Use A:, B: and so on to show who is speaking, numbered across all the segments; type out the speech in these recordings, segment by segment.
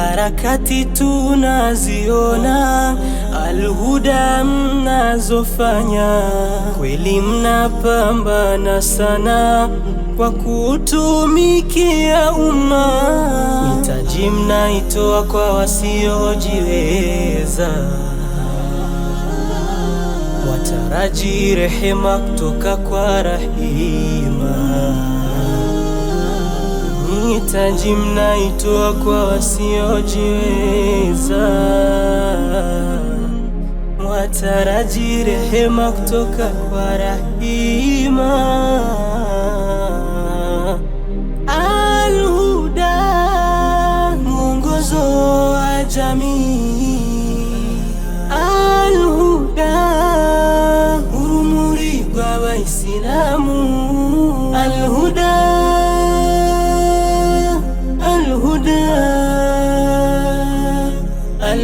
A: harakati tunaziona, alhuda mnazofanya, kweli mnapambana sana kwa kutumikia umma. Mitaji mnaitoa kwa wasiojiweza, wataraji rehema kutoka kwa Rahima mnahitaji mnaitoa kwa wasiojiweza, mwataraji rehema kutoka kwa Rahima. Alhuda, urumuri kwa Waislamu. Alhuda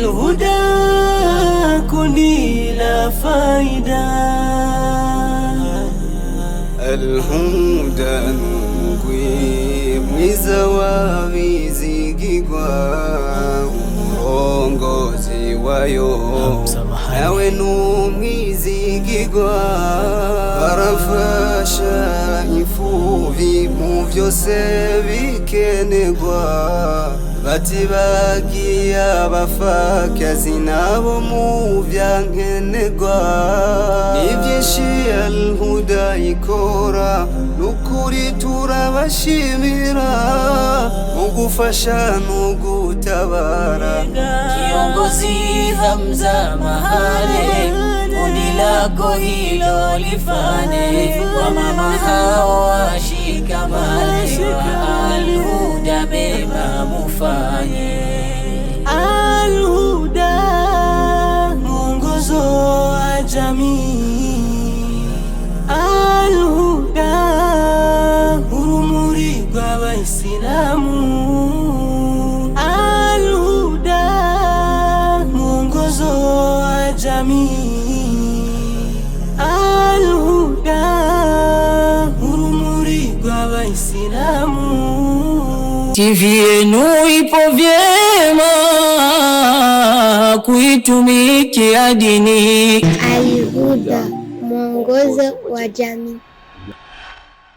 A: Alhuda kuni la faida,
B: Alhuda nukwi mwiza wa wizigigwa urongozi wayo nawe numwizigigwa barafasha ifuvi mu vyose bikenegwa bati bagiye abapfakazi nabo mu byankenerwa n'ibyinshi alhuda ikora n'ukuri turabashimira mu gufasha no gutabara
C: kiongozi Hamza Mahale kundi lako hilo lifane kwa mama hao mufanye
A: Alhuda, mwongozo wa jamii. Alhuda, urumuri rw'Abaisilamu. Alhuda, mwongozo wa jamii. Alhuda, urumuri rw'Abaisilamu. TV yenu ipo vyema kuitumikia dini.
D: Al Huda, mwongozo wa jamii.